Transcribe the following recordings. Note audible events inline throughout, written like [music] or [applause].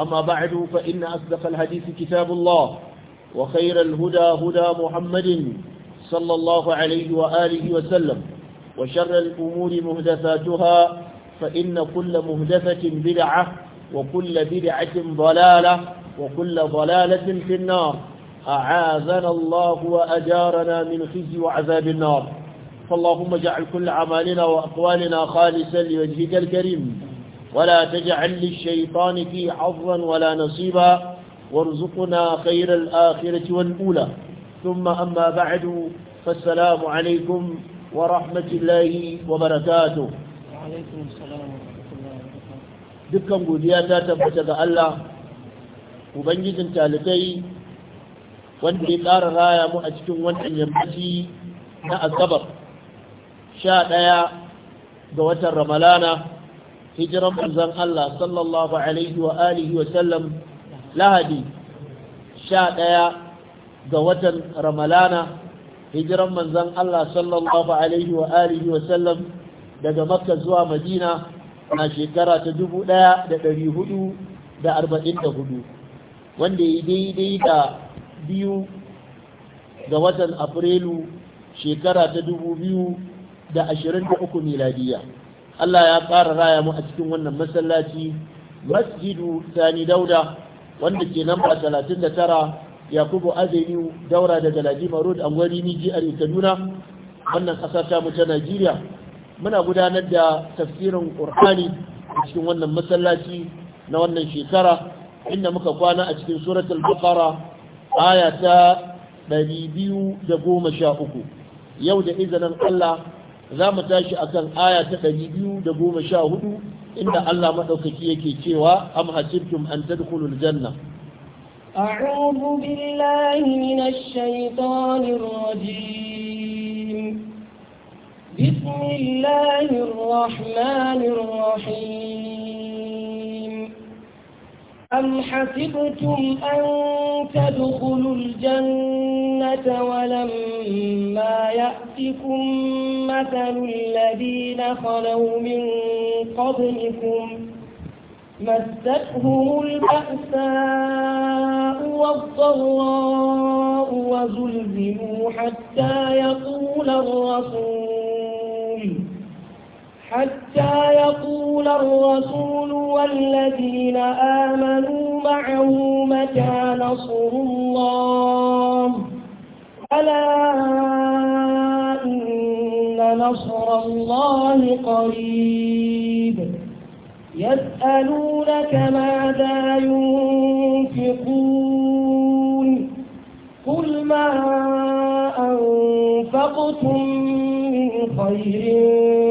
أما بعد فإن أصدق الحديث كتاب الله وخير الهدى هدى محمد صلى الله عليه وآله وسلم وشر الأمور مهدثاتها فإن كل مهدثة بدعة وكل بدعة ضلالة وكل ضلالة في النار أعاذنا الله وأجارنا من خزي وعذاب النار فاللهم اجعل كل عمالنا وأقوالنا خالصا لوجهك الكريم ولا تجعل للشيطان في حظا ولا نصيبا وارزقنا خير الآخرة والأولى ثم أما بعد فالسلام عليكم ورحمة الله وبركاته وعليكم السلام dukkan godiya ta tabbata ga Allah ubangijin talibai wanda ya tsara raya mu a cikin wannan yammaci na asabar 11 ga watan ramalana hijiran Manzan Allah sallallahu alaihi wa alihi wa sallam lahadi 11 ga watan ramalana hijiran Manzan Allah sallallahu alaihi wa alihi wa sallam daga makka zuwa madina na shekara ta dubu ɗaya da da da ɗari arba'in hudu, wanda ya daidai da biyu ga watan afrilu shekara ta dubu biyu da da ashirin 2023 miladiya Allah ya ƙara raya mu a cikin wannan masallaci masjidu sani dauda wanda ke namba 39 yakubu azeniu daura da galadima road angwari niji a kaduna wannan ƙasa ta mu ta najeriya muna gudanar da tafsirin ƙur'ani a cikin wannan masallaci na wannan shekara inda muka kwana a cikin suratul baqara aya ta 213 yau da izinin Allah za mu tashi a kan aya ta ɗari biyu da goma sha hudu inda Allah maɗaukaki yake cewa am hasibtum an tadkhulul janna أعوذ na من الشيطان الرجيم بسم الله الرحمن أم حسبتم أن تدخلوا الجنة ولما يأتكم مثل الذين خلوا من قبلكم مستهم البأساء والضراء وزلزلوا حتى يقول الرسول حتى يقول الرسول والذين آمنوا معه متى نصر الله ألا إن نصر الله قريب يسألونك ماذا ينفقون قل ما أنفقتم من خير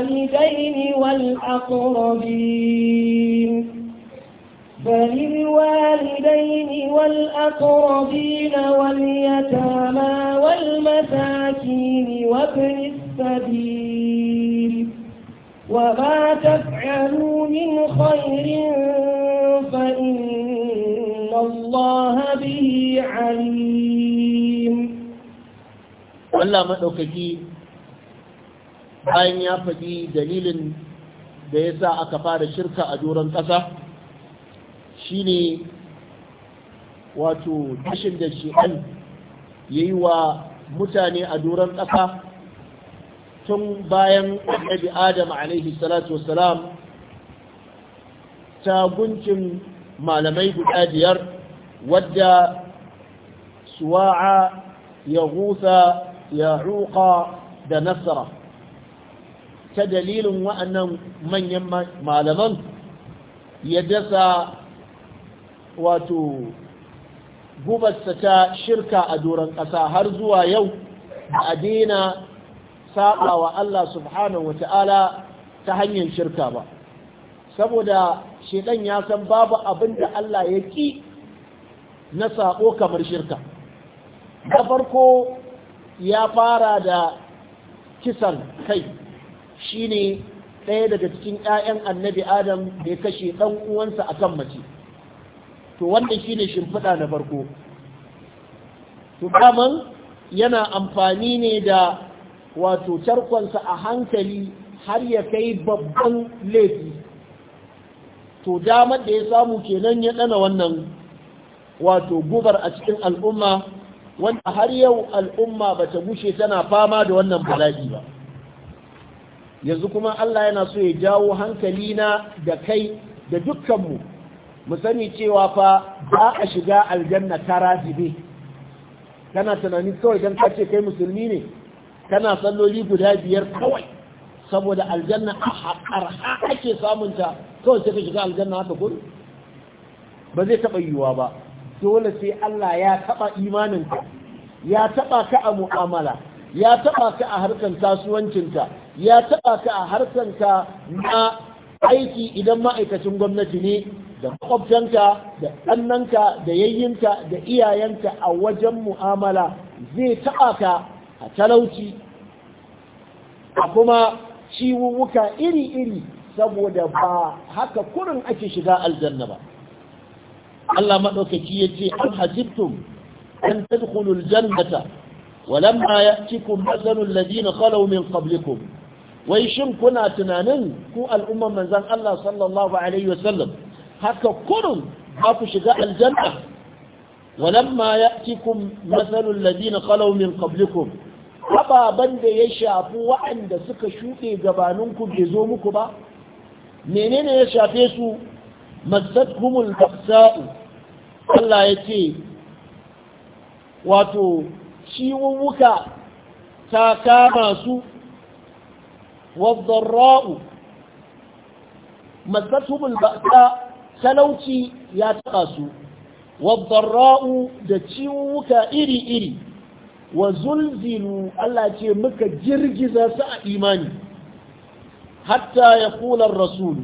الوالدين والأقربين فللوالدين والأقربين واليتامى والمساكين وابن السبيل وما تفعلوا من خير فإن الله به عليم والله ما أوكي bayan ya faɗi dalilin da ya sa aka fara shirka a doron ƙasa shine wato dashin da shi'an ya yi wa mutane a doron ƙasa tun bayan annabi adam alaihi salatu wasalam taguncin malamai guda biyar wadda suwa'a ya gusa ya ruƙa da nasara ta dalilin wa'annan manyan malaman ya dasa wato gubarsa ta shirka a doron ƙasa har zuwa yau a daina saba wa Allah subhanahu wa ta'ala ta hanyar shirka ba saboda shedan ya san babu abin da Allah ya ƙi na saƙo kamar shirka da farko ya fara da kisan kai shine ɗaya daga cikin 'ya'yan annabi adam da ya kashe ɗan uwansa a kan mace to wannan shine shimfiɗa na farko to daman yana amfani ne da wato tarkonsa a hankali har ya kai babban laifi to damar da ya samu kenan ya ɗana wannan wato gubar a cikin al'umma wanda har yau al'umma ba ta gushe tana fama da wannan bala'i ba yanzu kuma Allah yana so ya jawo hankali na da kai da dukkanmu mu sani cewa fa ba a shiga aljanna ta razibe kana tunanin kawai don kace kai musulmi ne kana salloli guda biyar kawai saboda aljanna a haƙarha ake samunta kawai sai ka shiga aljanna haka kun ba zai taɓa yiwuwa ba dole sai Allah ya taɓa imaninka ya taɓa ka a mu'amala ya taɓa ka a harkar kasuwancinka ya taɓa ka a harsanka na aiki idan ma'aikacin gwamnati ne da makwabtanka da ɗannanka da yayyinka da iyayenka a wajen mu'amala zai taɓa ka a talauci a kuma ciwuwuka iri-iri saboda ba haka kurin ake shiga aljanna ba Allah maɗaukaki ya ce an hajjibtum an tadkhulul jannata walamma ya'tikum mathalul ladina khalaw min qablikum wai shin kuna tunanin ku al'ummar manzan Allah sallallahu alaihi wasallam haka kurun ba ku shiga aljanna walamma ya'tikum mathalul ladina khalaw min qablikum ababan da ya shafi wa'anda suka shuɗe gabaninku bai zo muku ba menene ya shafe su mazzatuhumul baqsa'u Allah ya ce wato ciwuwuka ta kama su والضراء مسسهم البأساء talauci ya taɓa su wadarra'u da ciwuka iri-iri wa zulzilu Allah ce muka girgiza su a imani hatta ya kular rasul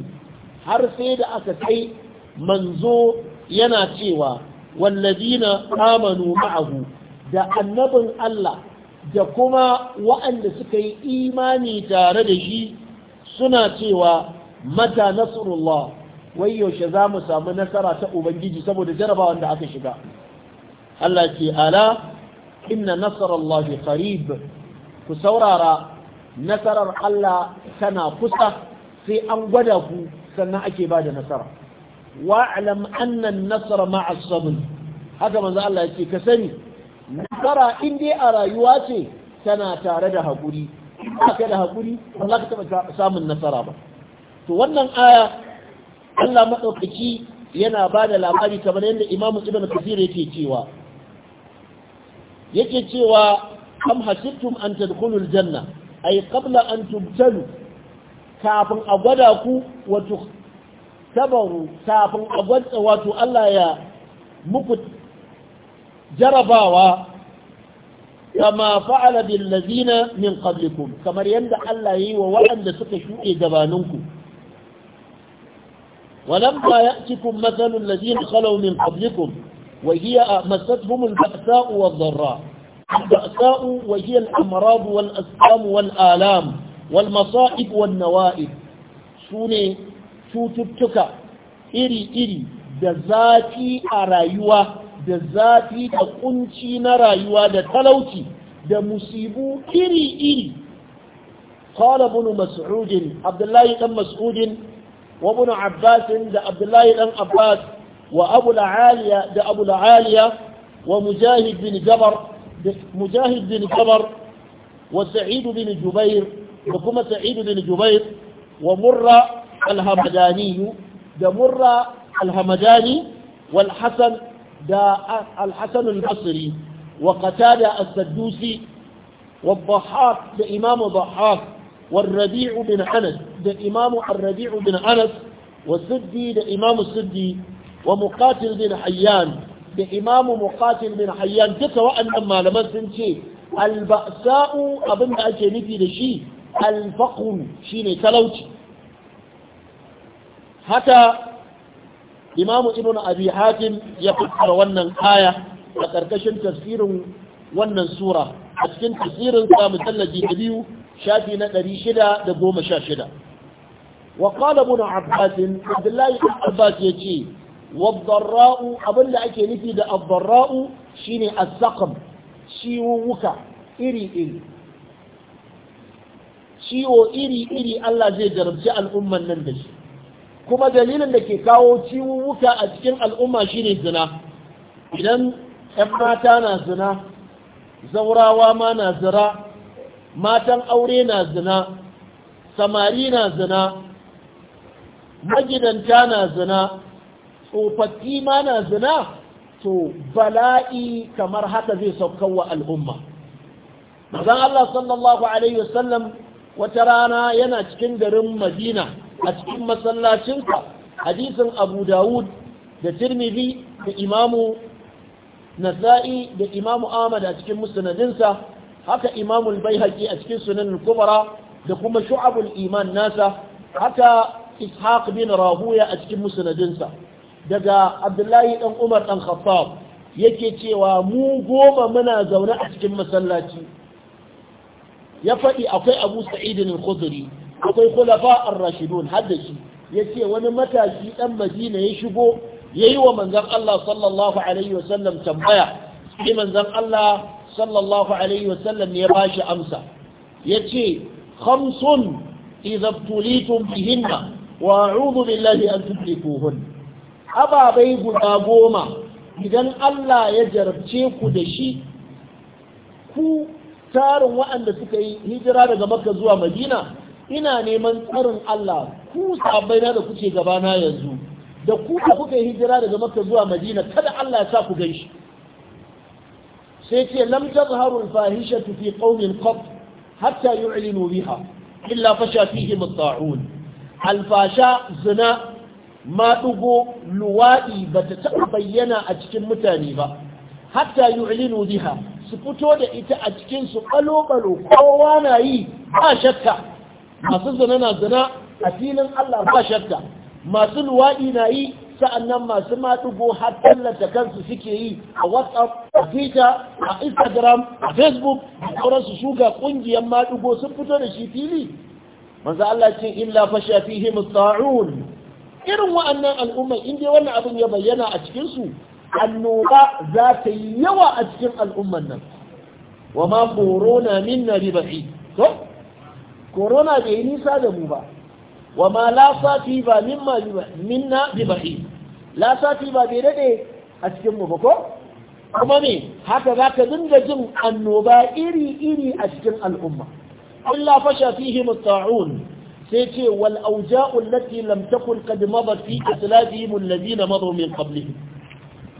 har sai da aka kai manzo yana cewa wallazina amanu ma'ahu da annabin Allah da kuma waɗanda suka yi imani tare da shi suna cewa mata nasrullah wai yaushe za mu samu nasara ta ubangiji saboda jarabawan da aka shiga Allah ke ala inna nasarallahi qarib ku saurara nasarar Allah tana kusa sai an gwada ku sannan ake ba da nasara wa'lam anna an-nasra haka manzo Allah yake ka sani nasara in dai a rayuwa ce tana tare da haƙuri ba ka da haƙuri ba za ka taɓa samun nasara ba to wannan aya Allah maɗaukaki yana ba da labari kamar yadda imamu ibn kasir yake cewa yake cewa am hasibtum an tadkhulul janna ay qabla an tubtalu kafin a gwada ku wato tabaru kafin a gwada wato Allah ya muku jarabawa kama fa'ala bil ladina min qablikum kamar yadda Allah ya yi wa waɗanda suka shuɗe gabaninku walamma ya'tikum mathalul ladina khalu min qablikum wa hiya masadhum al ba'sa'u wad dharra al ba'sa'u wa hiya al amrad wal asqam wal alam wal masa'ib wan nawa'id sune cututtuka iri iri da zafi a rayuwa da zafi da kunci na rayuwa da talauci da musibu iri-iri. Kala bunu Mas'udin, Abdullahi ɗan Mas'udin, wa bunu Abbasin da Abdullahi ɗan Abbas, wa abu la'aliya da abu la'aliya wa Mujahid bin Gabar wa Sa'idu bin Jubair da kuma Sa'idu bin Jubair wa Murra alhamadaniyu da Murra alhamadani wal Hassan da al-hasan al-basri wa qatada as-saddusi wa dhahhak da imam dhahhak wa rabiu bin anas da imam rabiu bin anas wa siddi da imam siddi wa muqatil bin hayyan da imam muqatil bin hayyan duka wa'annan malaman sun ce al-ba'sa'u abinda ake nufi da shi al-faqr shine talauci hata imamu ibn abi hatim ya fassara wannan aya a karkashin tafsirin wannan sura a cikin tafsirin sa musallaji da biyu shafi na ɗari shida da 616 wa qala ibn abbas abdullahi ibn abbas yace wad-darra'u abinda ake nufi da ad-darra'u shine as-saqam ciwuwuka iri iri ciwo iri iri Allah zai jarabci al'umman nan da shi kuma dalilin da ke kawo ciwuwuka a cikin al'umma shine zina idan 'yan mata na zina zaurawa ma na zira matan aure na zina samari na zina magidanta na zina tsofaffi ma na zina to bala'i kamar haka zai wa al'umma mazan Allah sallallahu Alaihi wasallam wata rana yana cikin garin madina a cikin masallacinsa hadisin abu dawud da tirmidhi da imamu nasa'i da imamu ahmad a cikin musnadinsa haka imamu al a cikin sunan kubra da kuma shu'abul iman nasa haka ishaq bin rahuya a cikin musnadinsa daga abdullahi dan umar dan khattab yake cewa mu goma muna zaune a cikin masallaci ya faɗi akwai abu sa'idin al-khudri akwai kulafa ar-rashidun haddashi yace wani matashi dan Madina ya shigo yayi wa manzon Allah sallallahu alaihi wasallam tambaya sai manzon Allah sallallahu alaihi wasallam ya bashi amsa yace khamsun idza tulitum bihinna wa a'udhu billahi an tuhlikuhun ababai guda goma idan Allah ya jarabce ku da shi ku tarin waɗanda suka yi hijira daga makka zuwa madina ina neman tsarin Allah ku sabai da kuke gabana yanzu da ku da kuka hijira daga Makka zuwa Madina kada Allah ya sa ku ganshi sai ce lam tazharu al-fahishatu fi qaumin qat hatta yu'linu biha illa fasha fihim at al-fasha zina ma dugo luwadi bata ta bayyana a cikin mutane ba hatta yu'linu biha su fito da ita a cikin su kalo kowa na yi ba shakka masu zina na zina a filin Allah ba shakka masu luwaɗi na yi sa'annan masu maɗugo har tallata kansu suke yi a whatsapp a twitter a instagram a facebook da su shuga ƙungiyar maɗugo sun fito da shi fili manzo Allah ce illa fasha fihi musta'un irin wa'annan al'umma in dai wannan abin ya bayyana a cikinsu, annoba za ta yi yawa a cikin al'umman nan wa ma corona minna ribahi to corona bai yi nisa da mu ba wa ma ba mimma minna bi bahi la ba bai dade a cikin mu ba ko kuma me haka zaka dinga jin annoba iri iri a cikin al'umma illa fasha fihi musta'un sai ce wal auja'u allati lam takun qad madat fi aslafihim alladhina madu min qablihim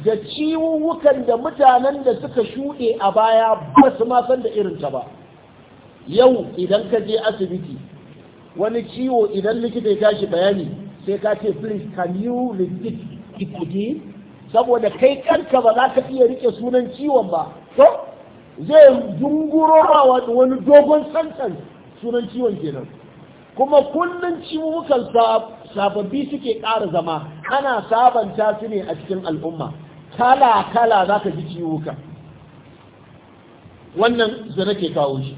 da ciwuwukan da mutanen da suka shuɗe a baya ba su ma san da irinta ba yau idan ka je asibiti wani ciwo idan likita ya tashi bayani sai ka ce please can you repeat it again saboda kai kanka ba za ka iya rike sunan ciwon ba to zai dunguro wani dogon tsantsan sunan ciwon kenan kuma kullum ciwukan sababbi suke ƙara zama ana sabanta su ne a cikin al'umma kala kala za ka ji ciwuka wannan zana ke kawo shi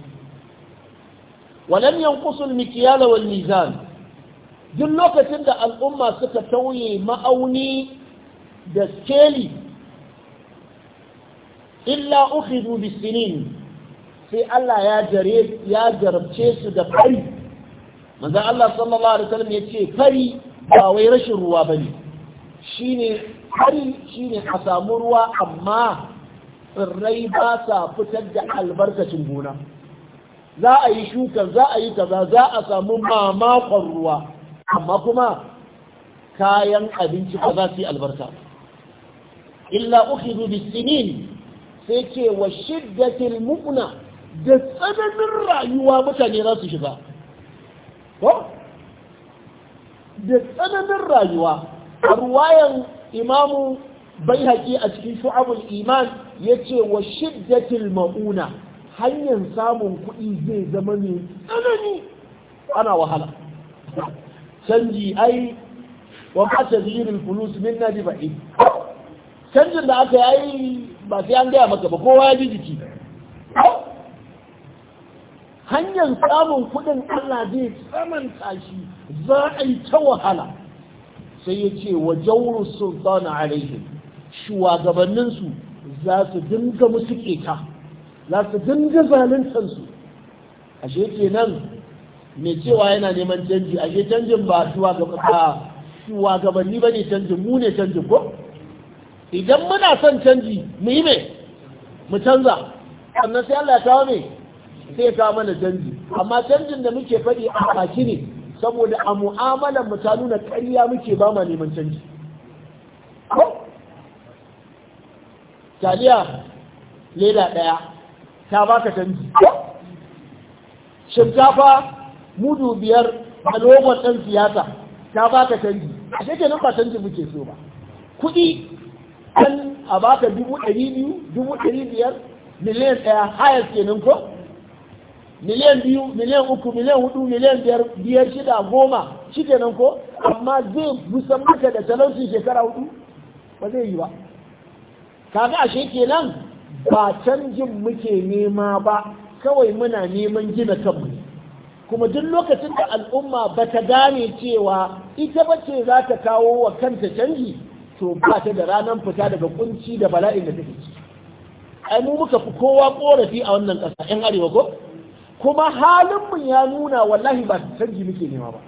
walam yanqusul mikyala wal mizan duk lokacin da al'umma suka tauye ma'auni da skeli illa ukhidu bisinin sai Allah ya jare jarabce su da fari manzo Allah sallallahu alaihi ya ce, fari ba wai rashin ruwa bane shine fari shine a samu ruwa amma tsirrai ba sa fitar da albarkacin gona za a yi shukan za a yi kaza za a samu mamakon ruwa amma kuma kayan abinci ba za su yi albarka illa ukhidhu bisinin sai ce wa shiddatil mu'na da tsananin rayuwa mutane za su shiga ko da tsananin rayuwa a ruwayan imamu bai haƙi a cikin shu'abul iman ya ce wa shiddatil ma'una hanyar samun kuɗi zai zama mai tsanani ana wahala canji ai wa ba ta zirin fulus min na ji ba'i canjin da aka yi ba sai an gaya maka ba kowa ya ji jiki hanyar samun kuɗin Allah zai tsamanta shi za a yi ta wahala sai ya ce wa jauru sultana alaihim shugabanninsu za su dinga musu keta za su dinga su. ashe nan mai cewa yana neman canji ashe canjin ba shugabanni ba ne canjin mu ne canjin ko idan muna son canji mu yi mai mu canza sannan sai Allah ya kawo mai sai ya kawo mana canji amma canjin da muke faɗi a baki ne saboda a mu'amalar mu ta nuna ƙarya muke ba ma neman canji ko taliya leda ɗaya ta baka canji shinkafa mudu biyar a lokacin ɗan siyasa ta baka canji a shi nan ba canji muke so ba kuɗi an a baka dubu ɗari biyu dubu ɗari biyar miliyan ɗaya hayar kenan ko miliyan biyu miliyan uku miliyan hudu miliyan biyar biyar shida goma shi nan ko amma zai musamman da talauci shekara hudu ba zai yi ba kaga ashe nan. ba canjin muke nema ba kawai muna neman gina kanmu kuma duk lokacin da al'umma ba ta gane cewa ita ba ce za ta kawo wa kanta canji to ba ta da ranar fita daga kunci da bala'in da take ciki ai mu muka fi kowa korafi a wannan ƙasa 'yan arewa ko kuma mu ya nuna wallahi ba canji muke nema ba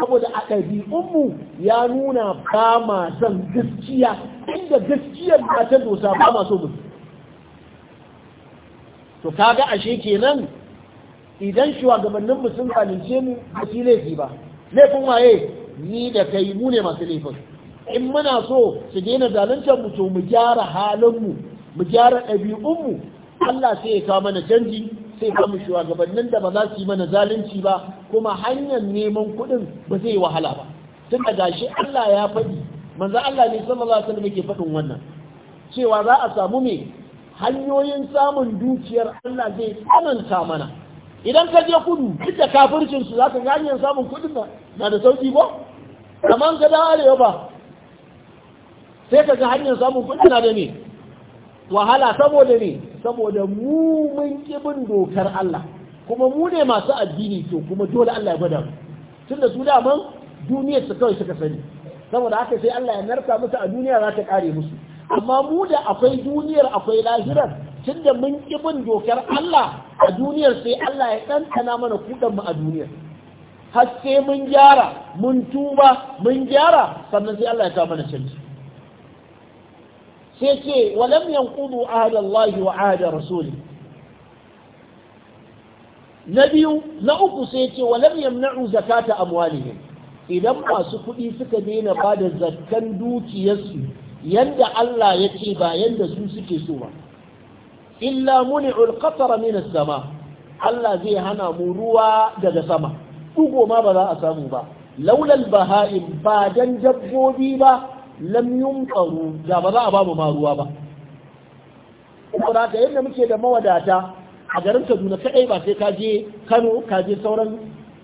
saboda a ɗabi'unmu ya nuna ba ma son gaskiya inda gaskiyar ba ta dosa ba ma so mutu to kaga ashe kenan idan mu sun zalunce mu ba su laifi ba laifin waye ni da kai mu ne masu laifin in muna so su daina zaluncan mu to mu gyara halinmu mu gyara ɗabi'unmu Allah sai ya kawo mana canji sai kawo shugabannin da ba za su yi mana zalunci ba kuma hanyar neman kuɗin ba zai yi wahala ba tun da gashi Allah ya faɗi manzo Allah ne sallallahu alaihi wasallam yake faɗin wannan cewa za a samu me hanyoyin samun dukiyar Allah zai tsananta mana idan ka je kudu duk da kafircin su zaka ga hanyar samun kudin na da sauki ba kaman ga da arewa ba sai ka ga hanyar samun kudin na da ne wahala saboda ne saboda mu mun kibin dokar Allah kuma mu ne masu addini to kuma dole Allah ya gwada mu tunda su daman duniyar su kawai suka sani saboda haka sai Allah ya narka musu a duniya za ta kare musu amma mu da akwai duniyar akwai lahirar tun da mun ƙi bin dokar Allah a duniyar sai Allah ya ɗantana mana kuɗan mu a duniyar Haske mun gyara mun tuba mun gyara sannan sai Allah ya kawo mana canji sai ce walam yanqudu ahdallahi wa ahda rasuli na biyu na uku sai ce walam yamna'u zakata amwalihim idan masu kuɗi suka daina ba da zakkan dukiyarsu yanda Allah ya ce ba yanda su suke so ba illa muni qatara min sama Allah zai hana mu ruwa daga sama dugo ma ba za a samu ba laulal baha'im ba dan dabbobi ba lam yunqaru da ba za a ba mu ma ruwa ba kuma da yadda muke da mawadata a garin Kaduna kadai ba sai ka je Kano ka je sauran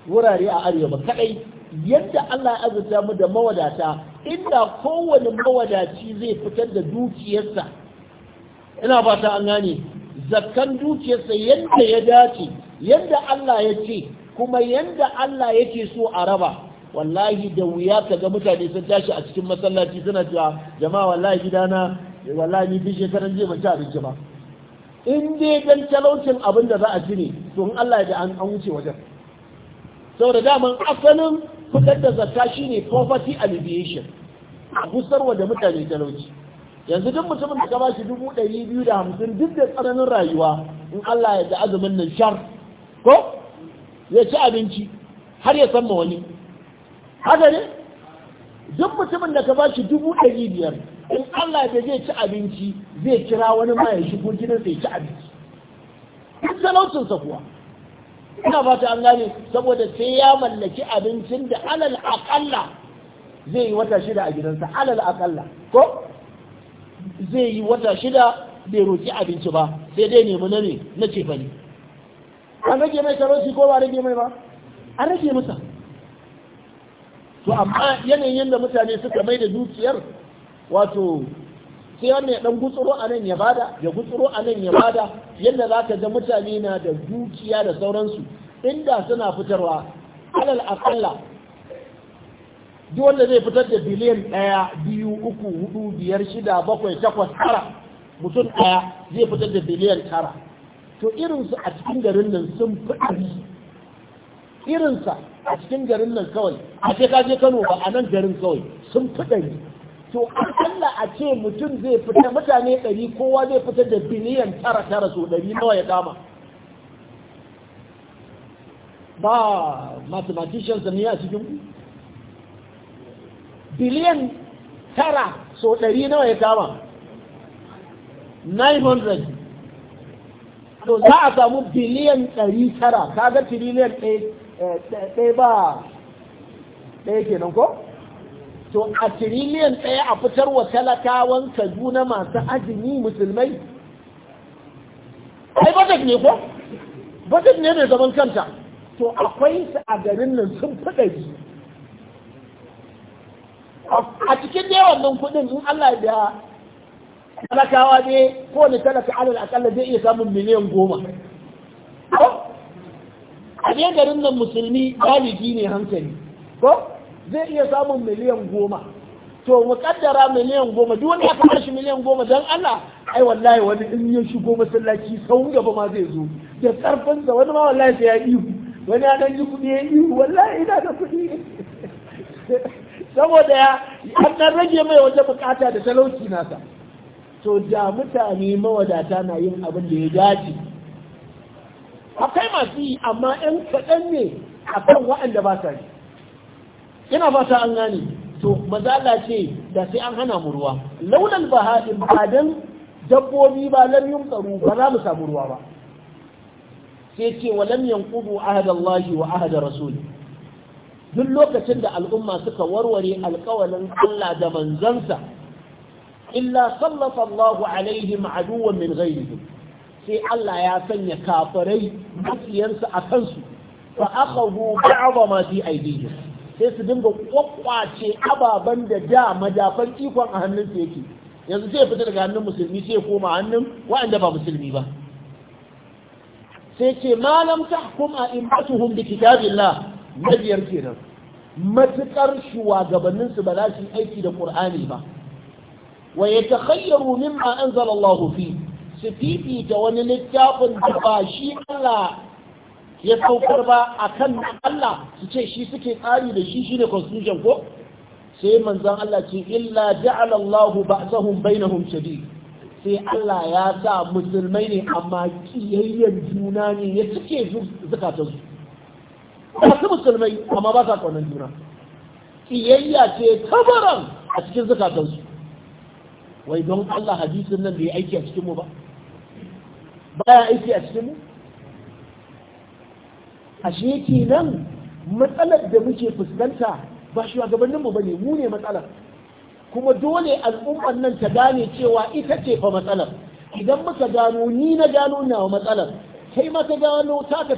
wurare a arewa ba kadai yadda Allah ya azurta mu da mawadata inda kowane mawadaci zai fitar da dukiyarsa ina ba ta an gane zakkan dukiyarsa yadda ya dace yadda Allah ya ce kuma yadda Allah ya yake so a raba wallahi da wuya ka ga mutane sun tashi a cikin masallaci suna cewa jama'a wallahi gidana wallahi ni bishe karan je mace abinci ba in dai dan talaucin abin da za a ci ne to in Allah ya da an wuce wajen saboda daman asalin fitar da zakka shine poverty alleviation a gusarwa da mutane talauci yanzu duk mutumin da ka ba shi dubu ɗari biyu da hamsin duk da tsananin rayuwa in Allah ya da azumin nan shar ko ya ci abinci har ya san ma wani haka ne duk mutumin da ka ba shi dubu ɗari biyar in Allah ya zai ci abinci zai kira wani ma ya shigo sai ci abinci duk talaucinsa kuwa ina fata an gane saboda sai ya mallaki abincin da alal aƙalla zai yi wata shida a gidansa alal aƙalla ko zai yi wata shida bai roƙi abinci ba sai dai nemi na ne na ce fani an rage mai sarosi ko ba rage mai ba an rage masa to amma yanayin da mutane suka mai da dukiyar wato sai wanda ya dan gutsuro a nan ya bada ya gutsuro a nan ya bada yadda za ka ga mutane na da dukiya da sauransu inda suna fitarwa alal akalla duk wanda zai fitar da biliyan ɗaya biyu uku hudu biyar shida bakwai takwas tara mutum ɗaya zai fitar da biliyan tara to irinsu a cikin garin nan sun fi ɗari irinsa a cikin garin nan kawai a ce ka je kano ba a nan garin kawai sun fi ɗari to an Allah a ce mutum zai fita mutane ɗari kowa zai fita da biliyan tara tara so ɗari nawa ya kama ba mathematicians ne a cikin ku biliyan tara so ɗari nawa ya kama 900 to za a samu biliyan ɗari tara ta kaga tiriliyan eh, ɗaya ba ɗaya kenan ko? to a tiriliyan ɗaya a fitar wa talakawan kaduna masu ajini musulmai ai budget ne ko budget ne mai zaman kanta to akwai su a garin nan sun fi a cikin dai wannan kuɗin in Allah ya biya talakawa ne ne talaka alal akalla zai iya samun miliyan goma a garin nan musulmi galibi ne hankali ko zai iya samun miliyan goma to mu kaddara miliyan goma duk wanda aka shi miliyan goma dan Allah ai wallahi wani in ya shigo masallaci sau gaba ma zai zo da karfin da wani ma wallahi sai ya ihu wani ya ji kuɗi ya ihu wallahi ina da kuɗi saboda ya anan rage mai wata bukata da talauci nasa to da mutane mawadata na yin abin da ya dace akwai masu yi amma 'yan kaɗan ne akan waɗanda ba sa yi ina fata an gane to mazala ce da sai an hana mu ruwa laulal baha'in dabbobi ba lam tsaro ba za mu samu ruwa ba sai ce wa lam yanqudu ahada Allah wa ahada rasuli duk lokacin da al'umma suka warware alƙawalin Allah da manzansa illa sallata Allah alaihim aduwwan min ghayrihim sai Allah ya sanya kafirai makiyansu a kansu fa akhadhu ba'd ma fi aydihim sai su dinga kwakwace ababen da da madafan ikon a hannun su yake yanzu sai fita daga hannun musulmi sai koma hannun waɗanda ba musulmi ba sai ce malam tahkum a imbatuhum bi kitabillah na kenan matuƙar shugabannin su ba za su yi aiki da ƙur'ani ba wa yatakhayyaru mimma anzala Allah fi su fifita wani littafin da ba shi Allah ya saukar ba a kan Allah su ce shi suke tsari da shi shi ne constitution ko sai manzan Allah ce illa ja'ala Allahu ba'sahum bainahum shadid sai Allah ya sa musulmai ne amma kiyayyen juna ne ya cike zakatar su ba su musulmai amma ba sa kaunar juna kiyayya ce kabaran a cikin zakatar su wai don Allah hadisin nan bai aiki a cikin mu ba baya aiki a cikin mu ashe kenan matsalar da muke fuskanta ba shugabannin mu bane mu ne matsalar kuma dole al'ummar nan ta gane cewa ita ce fa matsalar idan muka gano ni na gano nawa matsalar kai ma ka gano taka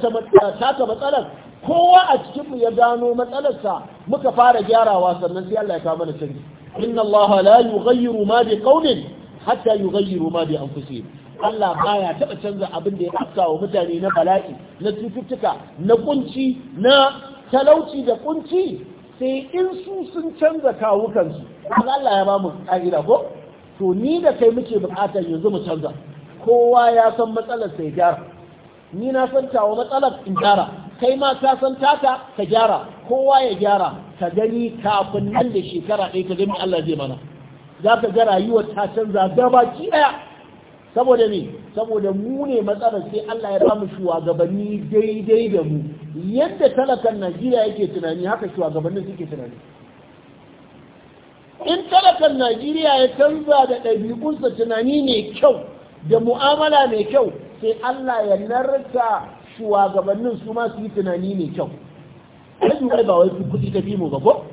matsalar kowa a cikin mu ya gano matsalarsa muka fara gyarawa sannan sai Allah ya kawo mana canji inna Allah la yughayyiru ma bi qaumin hatta yughayyiru ma bi anfusihim Allah baya taɓa canza abin da ya afka wa mutane na bala'i na cututtuka na kunci na talauci da kunci sai in su sun canza kawukansu Allah ya bamu mu ƙa'ida ko to ni da kai muke buƙatar yanzu mu canza kowa ya san matsalar sai gyara ni na san tawa matsalar in gyara kai ma ka san taka ka gyara kowa ya gyara ka gani kafin nan da shekara ɗaya ka gani Allah zai mana za ka ga rayuwar ta canza gaba ki ɗaya saboda ne, saboda mu ne matsalar sai Allah ya bamu shugabanni daidai da mu yadda talakan Najeriya yake tunani haka shugabannin suke tunani in talakan Najeriya ya canza da ɗabi'unsa tunani mai kyau da mu'amala mai kyau sai Allah ya narka shugabannin su ma su yi tunani mai kyau rashin ba wai kuɗi ta fi mu ba ko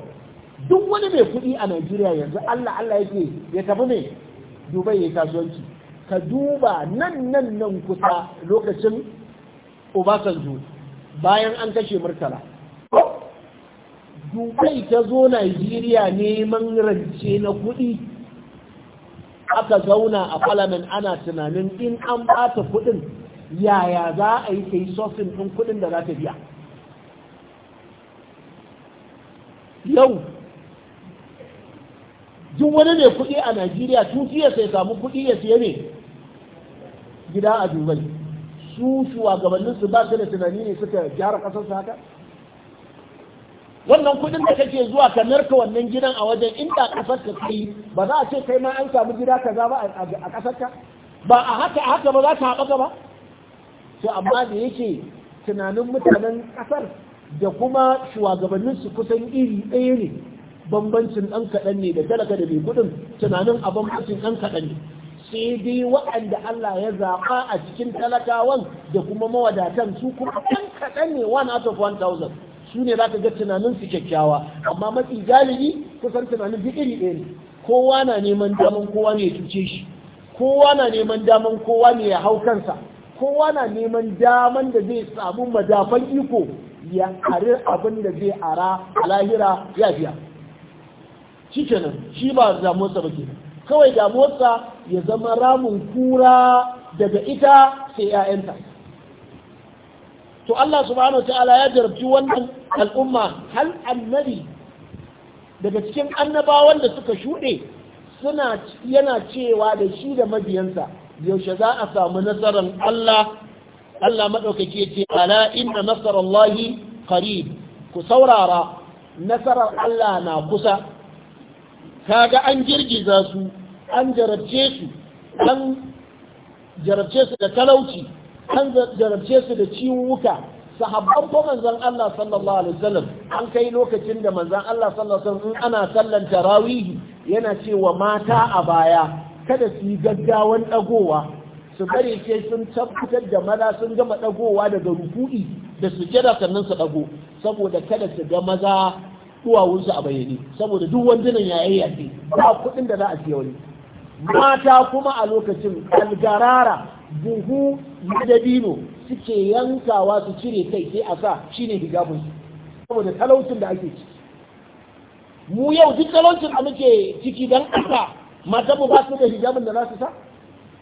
duk wani mai kuɗi a Najeriya yanzu Allah Allah yake ya tafi ne Dubai ya kasuwanci ka duba nan nan nan kusa lokacin Obasanjo bayan an kashe Murtala. Dubai ta zo Najeriya neman rance na kuɗi aka zauna a falamin ana tunanin in an bata kuɗin yaya za a yi ta yi sosin ɗin kuɗin da za ta biya. Yau duk wani ne kuɗi a najeriya tun fiye sai samu kuɗi ya siya ne gida a dubai su gabanin su ba su da tunani ne suka gyara ƙasar haka wannan kuɗin da kake zuwa ka narka wannan gidan a wajen inda ƙasar ka kai ba za a ce kai ma an samu gida za ba a ƙasar ka ba a haka a haka ba za ta haɓaka ba to amma da yake tunanin mutanen ƙasar da kuma shugabanninsu kusan iri ɗaya ne bambancin ɗan kaɗan ne da talaka da mai gudun tunanin a bambancin ɗan kaɗan ne sai dai waɗanda Allah ya zaɓa a cikin talakawan da kuma mawadatan su kuma ɗan kaɗan ne one out of one thousand su ne za ka ga tunanin su kyakkyawa amma mafi galibi kusan tunanin duk iri ɗaya ne kowa na neman daman kowa ne ya cuce shi kowa na neman daman kowa ne ya hau kansa kowa na neman daman da zai samu madafan iko ya kare abin da zai ara a lahira ya biya shi kenan shi ba damuwarsa ba kenan kawai damuwarsa ya zama ramin kura daga ita sai 'ya'yanta to Allah subhanahu wa ta'ala ya jarabci wannan al'umma hal annabi daga cikin annabawan da suka shuɗe suna yana cewa da shi da mabiyansa yaushe za a samu nasarar Allah Allah maɗaukaki ce ala inna nasarar Allahi qarib ku saurara nasarar Allah na kusa kaga an girgiza su an jarabce su an jarabce su da talauci an jarabce su da ciwuka sahabban ko manzon Allah sallallahu alaihi wasallam an kai lokacin da manzon Allah sallallahu alaihi wasallam ana sallan tarawihi yana cewa mata a baya kada su yi gaggawan dagowa su bari sai sun tabbatar da maza sun gama dagowa daga ruku'i da su jira sannan su dago saboda kada su ga maza duwawunsu a bayyane saboda duk wandunan ya yayyafe ba kuɗin da za a siya wani mata kuma a lokacin algarara buhu na suke yankawa su cire kai sai a sa shine hijabinsu saboda talaucin da ake ciki mu yau duk talaucin da muke ciki dan ƙasa mata mu ba su da hijabun da za su sa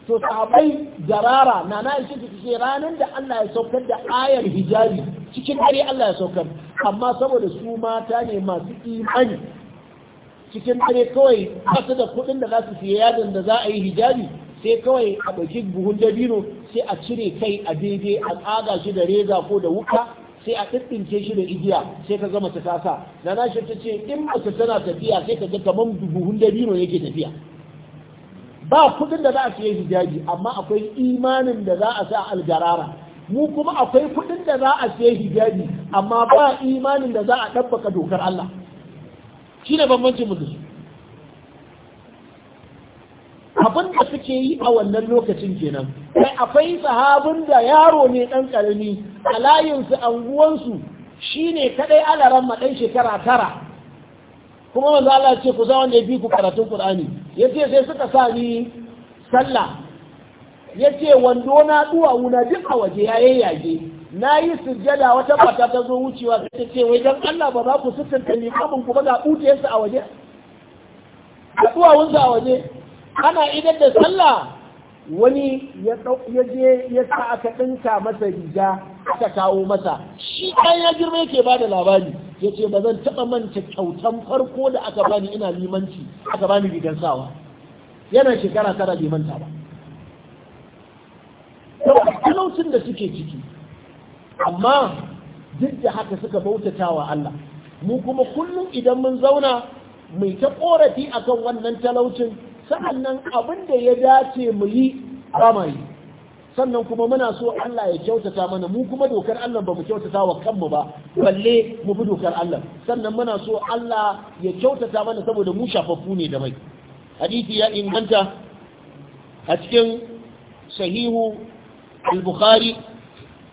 to sahabbai jarara na na ishe shi fice ranar da Allah ya saukar da ayar hijabi cikin dare Allah ya saukar amma saboda su mata ne masu imani cikin dare kawai kasa da kuɗin da za su siya yadin da za a yi hijabi sai kawai a ɗauki buhun dabino sai a cire kai a daidai a tsaga shi da reza ko da wuka sai a ɗinɗince shi da igiya sai ka zama ta kasa na na shi ta ce in mace tana tafiya sai ka ga kamar buhun dabino yake tafiya ba kudin da za a siya hijabi amma akwai imanin da za a sa aljarara mu kuma akwai kudin da za a siya hijabi amma ba imanin da za a ɗabbaka dokar Allah shi ne bambancin mu abin da suke yi a wannan lokacin kenan kai akwai sahabin da yaro ne ɗan karami a layinsu anguwansu shine kadai alaran ɗan shekara tara kuma manzo Allah ce ku zama wanda ya bi ku karatun Qur'ani yace sai suka sa ni sallah yace wando na duwa na duk a waje ya yayyage nayi sujjada wata mata ta zo wucewa sai ta ce wai dan Allah ba za ku sutunta ni kamun ku ba ga utiyarsa a waje a duwawun a waje ana idan da sallah wani ya je ya sa aka dinka masa riga aka kawo masa shi kan ya girma yake bada labari ya ce ba zan taɓa manta kyautan farko da aka bani ina limanci aka bani rigar sawa yana shekara tara limanta ba talaucin da suke ciki amma duk da haka suka bautata wa Allah mu kuma kullum idan mun zauna mai ta korafi akan wannan talaucin sa'annan abin da ya dace mu yi ba sannan kuma muna so Allah ya kyautata mana mu kuma dokar Allah ba mu kyautata wa kanmu ba balle mu bi dokar Allah sannan muna so Allah ya kyautata mana saboda mu shafaffu ne da mai hadisi ya inganta a cikin sahihu al-bukhari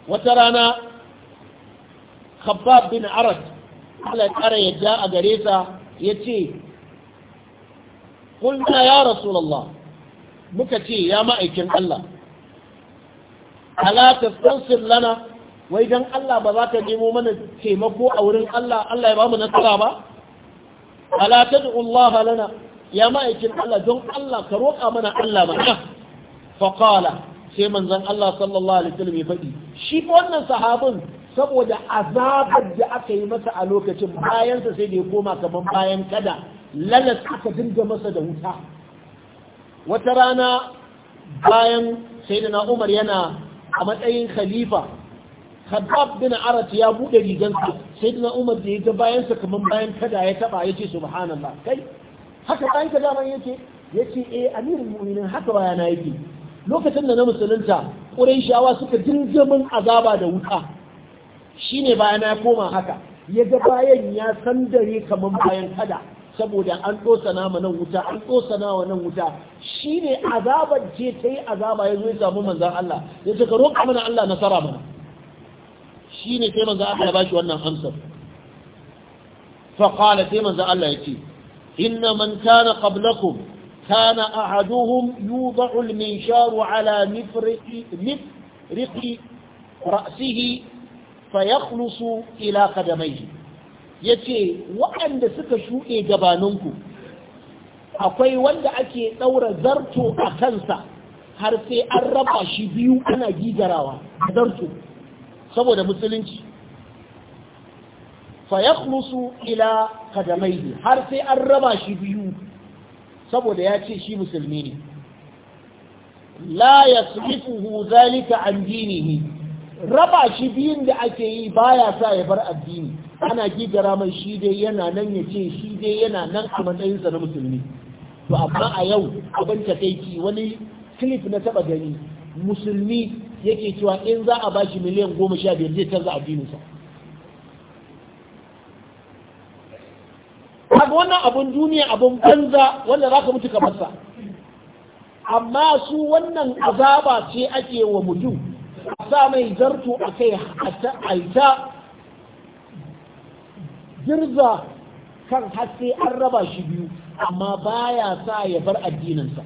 wata rana khabbab bin arad Allah ya kara a gare sa yace qulna ya rasulullah muka ce ya ma'aikin Allah Al-Halata, tastansir lana wai dan Allah ba za ka nemo mana taimako a wurin Allah Allah ya ba mu nasara ba halata tad'u Allah lana ya ma'aikin Allah don Allah ka roƙa mana Allah mana fa sai manzon Allah sallallahu alaihi wasallam ya faɗi shi wannan sahabin saboda azabar da aka yi masa a lokacin bayansa sai da ya koma kamar bayan kada lalas aka dinga masa da wuta wata rana bayan sai da na umar yana a matsayin khalifa khabbab bin arat ya buɗe rigansa sai dina umar da ya ga bayansa kamar bayan kada ya taba ya ce subhanallah kai haka bayan kada man yake ya ce eh amirul mu'minin haka na yake lokacin da na musulunta shawa suka jirgimin azaba da wuta shine bayan ya koma haka ya ga bayan ya sandare kamar bayan kada saboda an tsosa nama nan wuta an tsosa nawa nan wuta shi ne azabar ce ta yi azaba ya zo ya samu manzan Allah ya ce ka roƙa mana Allah nasara mana shi ne sai manzan Allah ba shi wannan amsar faƙala sai manzan Allah ya ce inna man kana qablakum kana ahaduhum yudha'u al-minsharu ala nifriqi Ra'asihi, ra'sihi fayakhlusu ila Kadamai. Ya ce waɗanda suka shuɗe gabaninku akwai wanda ake ɗaura zarto a kansa har sai an raba shi biyu ana gigarawa zarto saboda musulunci fayakhlusu ila kadamai har sai an raba shi biyu saboda ya ce shi musulmi ne la yasrifuhu zalika an dinihi raba shi biyun da ake yi ba ya sa ya bar addini ana gigara mai shi dai yana nan ya ce shi dai yana nan a matsayinsa na musulmi to amma a yau abin ta kai wani clip na taba gani musulmi yake cewa in za a ba shi miliyan goma sha biyar zai canza addininsa kaga wannan abun duniya abin banza wanda za ka mutu kamar sa amma su wannan azaba ce ake wa mutum sa mai zarto a kai aita girza kan haske an raba shi biyu amma baya sa ya bar addininsa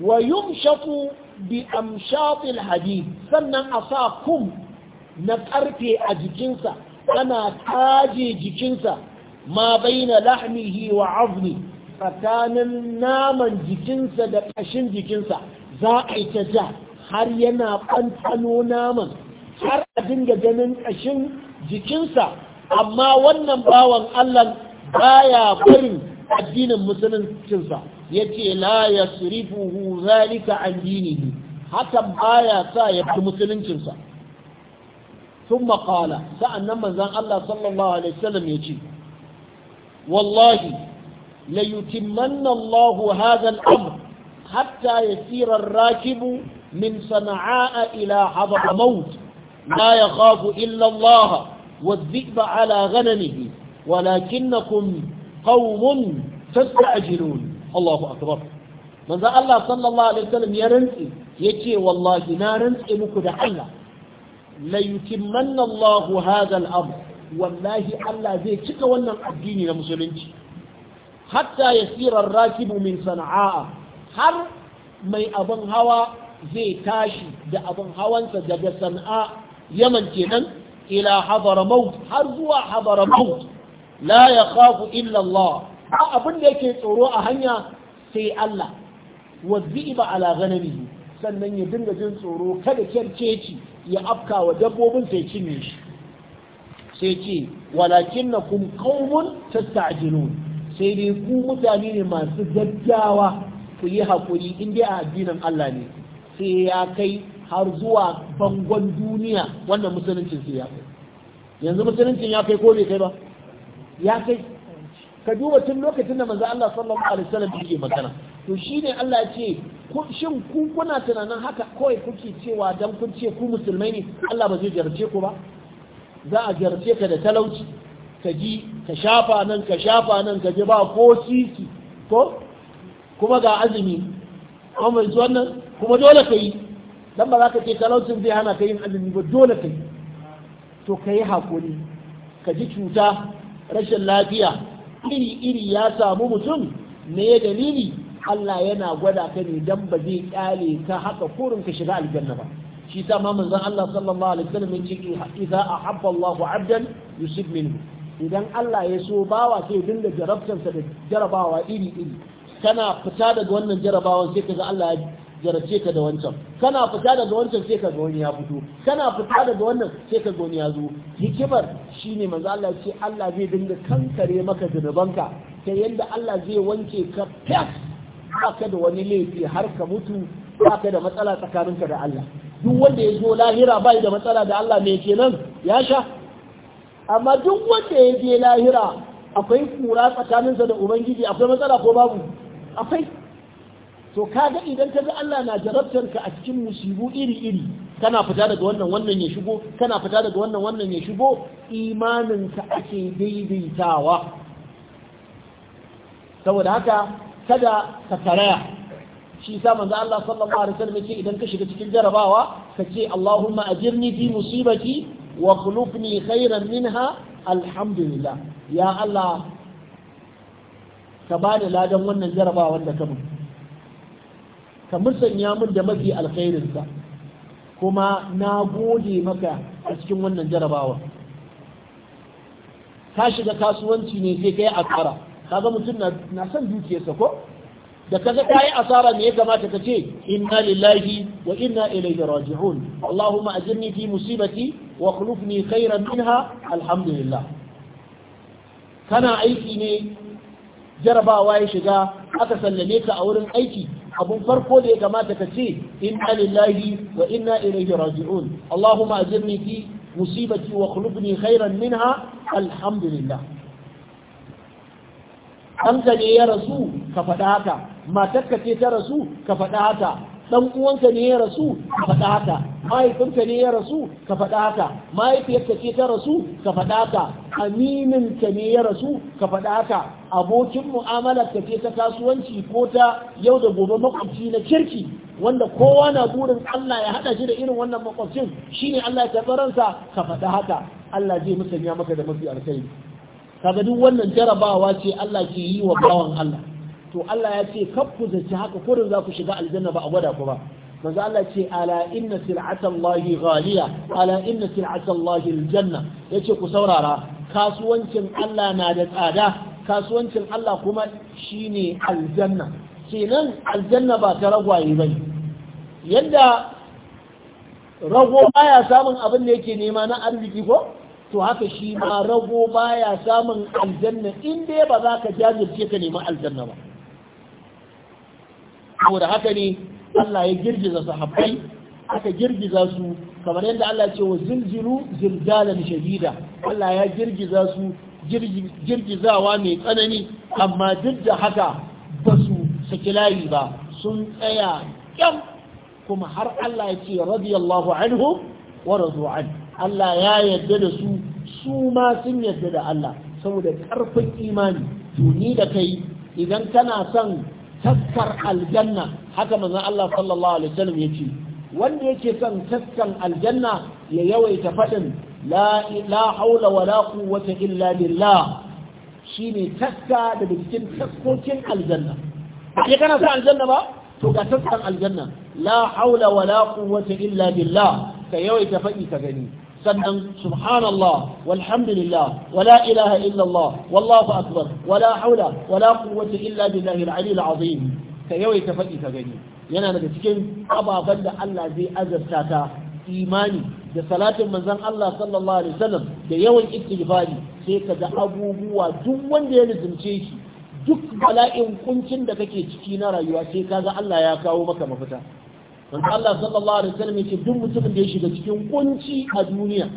wa shafu bi amshatil hadid sannan a sa kum na karfe a jikinsa ana taje jikinsa ma baina lahmihi wa azmi tsakanin naman jikinsa da ƙashin jikinsa za a yi ta ja har yana ɓantano naman har a dinga ganin ƙashin jikinsa amma wannan bawan Allah baya barin addinin musuluncinsa ya ce la ya sirifuhu zalika an dinihi hakan baya sa ya fi musuluncinsa sun maƙala na manzan Allah sallallahu Alaihi wasallam ya ce wallahi la yutimanna Allahu hadha hatta ya ar-rakibu min sana'a ila hadha maut la yakhafu illa Allah والذئب على غنمه ولكنكم قوم تستعجلون الله أكبر من ذا الله صلى الله عليه وسلم يرنسي يكي والله نارنسي مكد حلا ليتمن الله هذا الأمر والله ألا زي تك ونن الدين لمسلمين حتى يسير الراكب من صنعاء har mai abin hawa zai tashi da abin hawansa daga sana'a yaman kenan ila hadara maut har zuwa hadara maut la ya khafu illa Allah abin da yake tsoro a hanya sai Allah wa dhiba na ghanamihi sannan ya dinga jin tsoro kada kyarkeci ya afka wa dabbobin sai cinye shi sai ce walakinnakum qaumun tasta'jilun sai dai ku mutane ne masu gaggawa ku yi hakuri in dai a addinin Allah ne sai ya kai har zuwa bangon duniya wannan musuluncin sai ya kai yanzu musuluncin ya kai ko bai kai ba ya kai ka duba tun lokacin da manzo Allah sallallahu alaihi wasallam yake magana to shine Allah ya ce shin ku kuna tunanin haka kawai kuke cewa dan kun ce ku musulmai ne Allah ba zai jarce ku ba za a jarce ka da talauci ka ji ka shafa nan ka shafa nan ka ji ba ko sisi ko kuma ga azumi amma yanzu wannan kuma dole ka yi dan ba za ka ce talaucin zai hana ka yin azumi ba dole ka yi to ka yi hakuri ka ji cuta rashin lafiya iri-iri ya samu mutum ne dalili Allah yana gwada ka ne dan ba zai kyale ka haka kurin ka shiga aljanna ba shi sa ma manzon Allah sallallahu alaihi wasallam yace idza ahabba Allahu 'abdan yusib minhu idan Allah ya so bawa sai dinga jarabtansa da jarabawa iri-iri kana fita daga wannan jarabawan sai kaga Allah ya jarace ka da wancan kana fita daga wancan sai ka ga wani ya fito kana fita daga wannan sai ka ga wani ya zo hikimar shine manzo Allah ce Allah zai dinga kankare maka zunubanka ta yanda Allah zai wanke ka fas baka da wani laifi har ka mutu baka da matsala tsakaninka da Allah duk wanda ya zo lahira bai da matsala da Allah me kenan ya sha amma duk wanda ya je lahira akwai kura tsakaninsa da ubangiji akwai matsala ko babu akwai to kaga idan ka ga Allah na jarabtar ka a cikin musibu iri-iri kana fita daga wannan wannan ya shigo kana fita daga wannan wannan ya shigo imanin ka ake daidaitawa saboda haka kada ka karaya shi sa manzo Allah sallallahu alaihi wasallam yake idan ka shiga cikin jarabawa ka ce Allahumma ajirni fi musibati wa khulufni khairan minha alhamdulillah ya Allah ka bani ladan wannan jarabawa wanda ka mun ka musanya min da mafi alkhairinsa kuma na gode maka a cikin wannan jarabawa ka shiga kasuwanci ne sai kai asara kaga mutum na son dukiyarsa ko da kaga yi asara ne ya kamata ka ce inna lillahi wa inna ilaihi raji'un allahumma ajirni fi musibati wa khulufni khairan minha alhamdulillah kana aiki ne jarabawa ya shiga aka sallame ka a wurin aiki abun farko da ya kamata ka ce inna lillahi wa inna ilaihi raji'un Allahumma ajirni fi musibati wa khulubni khairan minha alhamdulillah ɗanka ne ya rasu ka faɗa haka matarka ce ta rasu ka faɗa haka dan uwanka ne ya rasu ka faɗa haka mahaifinka ne ya rasu ka faɗa haka mahaifiyarka ce ta rasu ka faɗa haka ka ne ya rasu ka faɗa haka abokin mu'amalarka ce ta kasuwanci ko ta yau da gobe makwabci na kirki wanda kowa na burin Allah ya haɗa shi da irin wannan makwabcin shine Allah ya karɓi ransa ka faɗa haka Allah zai musanya maka da mafi alkhairi kaga duk wannan jarabawa ce Allah ke yi wa bawan Allah to Allah ya ce kaf ku zaci haka kurin za ku shiga aljanna ba a gwada ku ba manzo Allah ce ala inna sil'atallahi ghaliya ala inna sil'atallahi aljanna yace ku saurara kasuwancin Allah na da tsada kasuwancin Allah kuma shine aljanna kenan aljanna ba ta ragwaye bane yadda rago baya samun abin da yake nema na arziki ko to haka shi ma rago baya samun aljanna in dai ba za ka jajirce ka nemi aljanna ba saboda haka ne Allah ya girgiza sahabbai aka girgiza su kamar yadda Allah ce wa zilzilu zilzalan shadida Allah ya girgiza su girgizawa mai tsanani amma duk da haka ba su saki layi ba sun tsaya kyam kuma har Allah ya ce radiyallahu anhu wa radu Allah ya yarda da su su ma sun yarda da Allah saboda karfin imani to ni da kai idan kana son taskar aljanna haka manzon Allah sallallahu alaihi wasallam yace wanda yake son taskan aljanna ya yawaita fadin la la haula wala quwwata illa billah shine taska daga cikin taskokin aljanna ba kana son aljanna ba to ga taskan aljanna la haula wala quwwata illa billah ka yawaita fadi ka gani sannan subhanallah walhamdulillah wala ilaha illallah wallahu akbar wala haula wala quwwata illa billahi al-ali azim ka yawaita faɗi ka gani yana daga cikin ababen da Allah zai azabta ta imani da salatin manzon Allah sallallahu alaihi wasallam da yawan istighfari sai ka ga abubuwa duk wanda ya lizumce shi duk bala'in kuncin da kake ciki na rayuwa sai kaga Allah ya kawo maka mafita in Allah sallallahu alaihi wasallam duk mutumin da ya shiga cikin kunci a duniya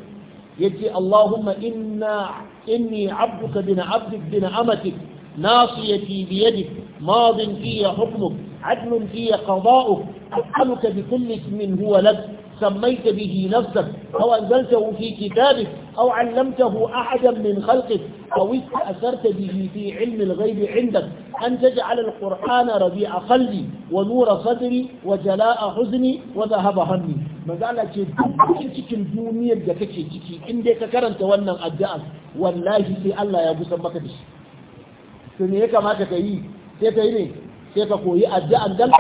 yace Allahumma inna inni abduka bin abdik bin amatik nasiyati bi yadik madin fi hukmuk adlun fi qada'uk as'aluka bi kulli min huwa lak سميت به نفسك او انزلته في أو علمته أحدا من خلقك أو استأثرت به في علم الغيب عندك أن تجعل القرآن ربيع قلبي ونور صدري وجلاء حزني وذهب همي مازال ce dukkan cikin duniyar da kake ciki in dai ka karanta wannan addu'a wallahi sai Allah ya gusan maka da shi to me ya kamata ka yi sai ka koyi addu'an dan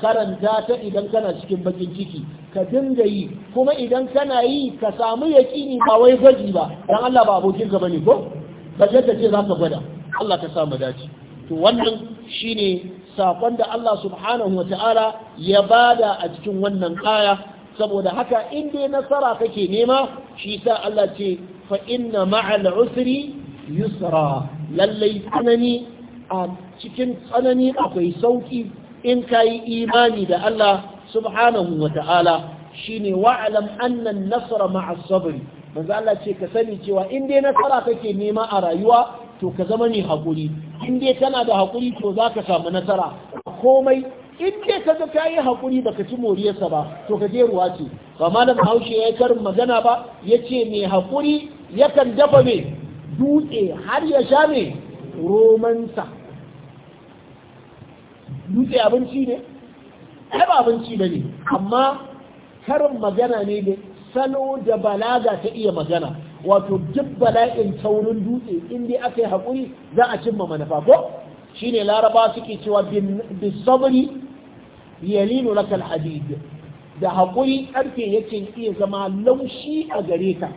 karanta ta idan kana cikin bakin ciki ka dinga yi kuma idan kana yi ka samu yaƙini ba wai gwaji ba dan Allah ba abokin ka ne ko ba ce ka ce ka gwada Allah ka samu dace to wannan shine sakon da Allah subhanahu wataala ya bada a cikin wannan kaya saboda haka in dai nasara kake nema shi sa Allah ce fa inna ma'al usri yusra lallai tsanani a cikin tsanani akwai sauki in kayi imani da Allah subhanahu wa ta'ala shine wa'alam annan nasara ma'a sabri manzo Allah ce ka sani cewa in dai nasara kake nema a rayuwa to ka zama ne hakuri in dai kana da hakuri to zaka samu nasara komai in dai ka kayi hakuri baka ci moriyarsa ba to ka je ruwa ce ba malam Haushe ya karin magana ba yace mai hakuri yakan dafa me dutse har ya sha me romansa dutse abinci ne ai abinci ba ne amma karin magana ne da salo da balaga ta iya magana wato duk bala'in taurin dutse in dai aka yi haƙuri za a cimma manufa ko shine laraba suke cewa bisabri yalinu na hadid da haƙuri ƙarfe yake iya zama laushi a gare ka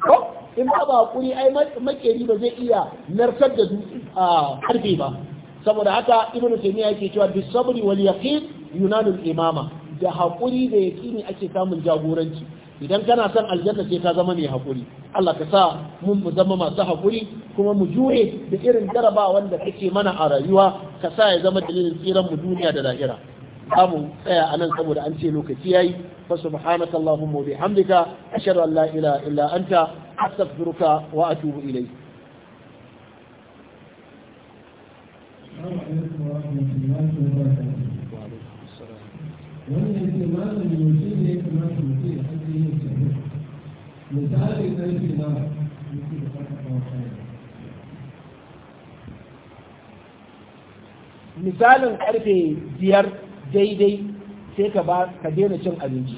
ko in ba haƙuri ai makeri ba zai iya narkar da a ƙarfe ba saboda haka ibnu taymiya yake cewa bisabri wal yaqin yunanul imama da haƙuri da yaƙini ake samun jagoranci idan kana son aljanna ce ka zama mai haƙuri Allah ka sa mun mu zama masu haƙuri kuma mu jure da irin jaraba wanda kake mana a rayuwa ka sa ya zama dalilin tsiran mu duniya da lahira mu tsaya a nan saboda an ce lokaci yayi fa subhanaka allahumma bihamdika ashhadu an la ilaha illa anta astaghfiruka wa atubu ilayk Assalamu wannan ke malam yaushe ne ya kamata mutum ya ake yin sahur misali karfe na yake da karfafa kayan misalin karfe biyar daidai sai ka ba ka daina cin abinci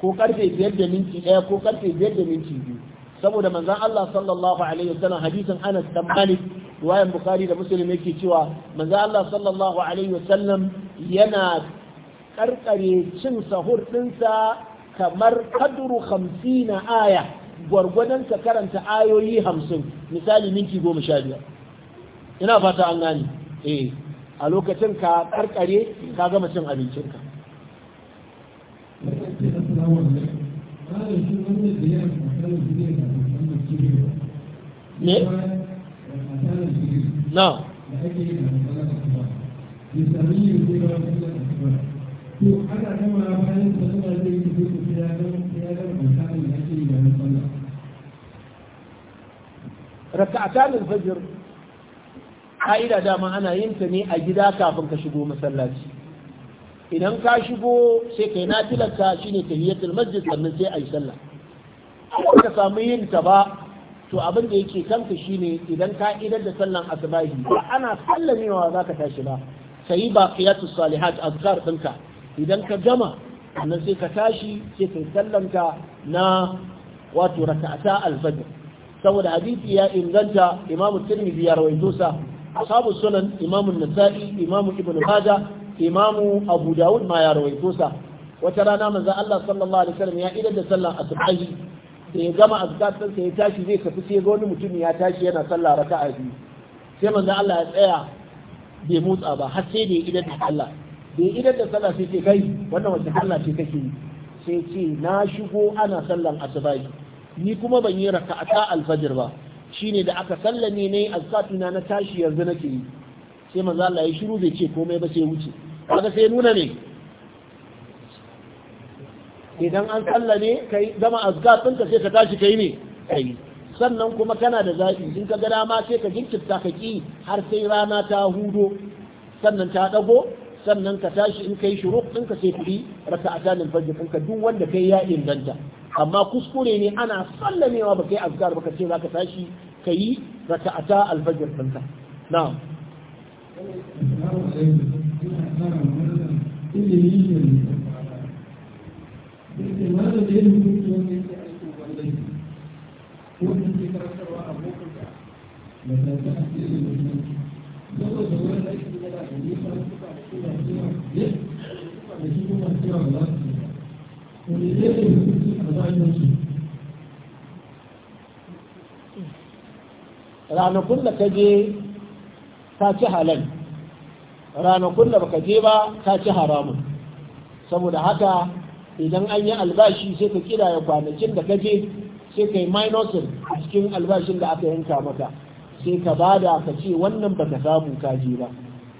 ko karfe biyar da minti ɗaya ko karfe biyar da minti biyu saboda manzon Allah sallallahu alaihi wasallam hadisin Anas dan Malik riwayan Bukhari da Muslim yake cewa manzon Allah sallallahu alaihi wasallam yana Ƙarƙare cin sahur ɗinsa kamar kadru na aya gwargwadon ka karanta ayoyi hamsin misali minti goma sha biyar ina fata an gani eh a lokacin ka ƙarƙare ka gama cin abincinka ne? na no. to ana gama zai yi da raka'atan al-fajr ka'ida dama ana yin ta ne a gida kafin ka shigo masallaci idan ka shigo sai kai nafilar ka shine tahiyatul masjid sannan sai ayi sallah ko ka samu yin ta ba to abin da yake kanka shine idan ka idan da sallan asbahi ba ana sallamewa zaka tashi ba sai ba qiyatus salihat azkar ɗinka idan ka gama sannan sai ka tashi sai ka sallanka na wato raka'ata al-fajr saboda hadisi ya inganta imamu tirmidhi ya rawaito sa ashabu sunan imamu nasa'i imamu ibn majah imamu abu dawud ma ya rawaito sa wata rana manzo Allah sallallahu alaihi wasallam ya idan da sallan Asubahi sai ya gama azkar sai ya tashi zai tafi sai ga wani mutum ya tashi yana sallah raka'a biyu sai manzo Allah ya tsaya bai motsa ba har sai da ya idan da sallah bai idan da sallah sai kai wannan wace Allah ce kake yi sai ce na shigo ana sallan asuba ni kuma ban yi raka'ata alfajir ba shine da aka sallame ne azkatu na tashi yanzu nake yi sai manzo Allah ya shiru bai ce komai ba sai wuce kaga sai nuna ne idan an sallame kai zama azkatun ka sai ka tashi kai ne kai sannan kuma kana da zaɓi in ka ga dama sai ka jinkirta ka ki har sai rana ta hudo sannan ta dago sannan ka tashi in kai shuruk din ka sai kudi raka'atan al fajr ka duk wanda kai ya inganta amma kuskure ne ana sallamewa ba kai azkar ba ka ce zaka tashi kai raka'ata al-fajr din ka na'am Thank you. ranakun da ka je ci halal ranakun da baka je ba ka ci haramun saboda haka idan an yi albashi sai ka kira ya kwanakin da ka je sai ka yi minusin a cikin albashin da aka yanka maka sai ka bada ka ce wannan baka samu ka ba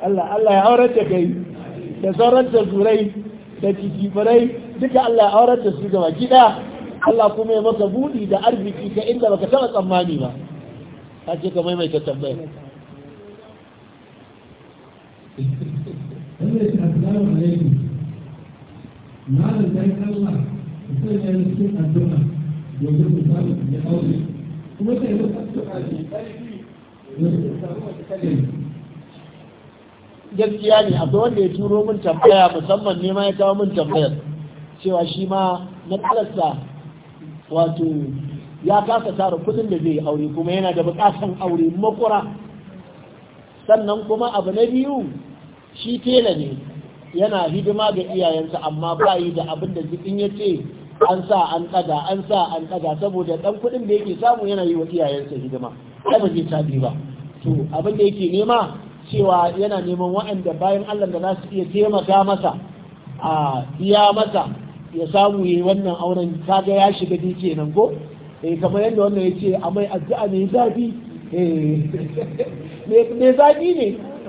Allah Allah ya aurar da kai da sauran da turai da kikifirai duka Allah ya aurar da su ga baki da Allah kuma ya maka budi da arziki ka inda baka taba tsammani ba ka ce ka maimaita tambayar Assalamu alaikum. Malam gaskiya ne akwai wanda ya turo min tambaya musamman ne ma ya kawo min tambayar cewa shi ma na karasa wato ya kasa tara kudin da zai aure kuma yana da bukatan aure makura sannan kuma abu na biyu shi tela ne yana hidima ga iyayensa amma ba yi da abin da zikin ya ce an sa an tsada an sa an tsada saboda ɗan kuɗin da yake samu yana yi wa iyayensa hidima ai ba tabi ba to abin da yake nema cewa yana neman waɗanda bayan Allah da za su iya taimaka masa a biya masa ya samu yi wannan auren kaga ya shiga dike nan ko eh kamar yadda wannan ya ce a mai addu'a ne zafi eh [laughs] me zafi ne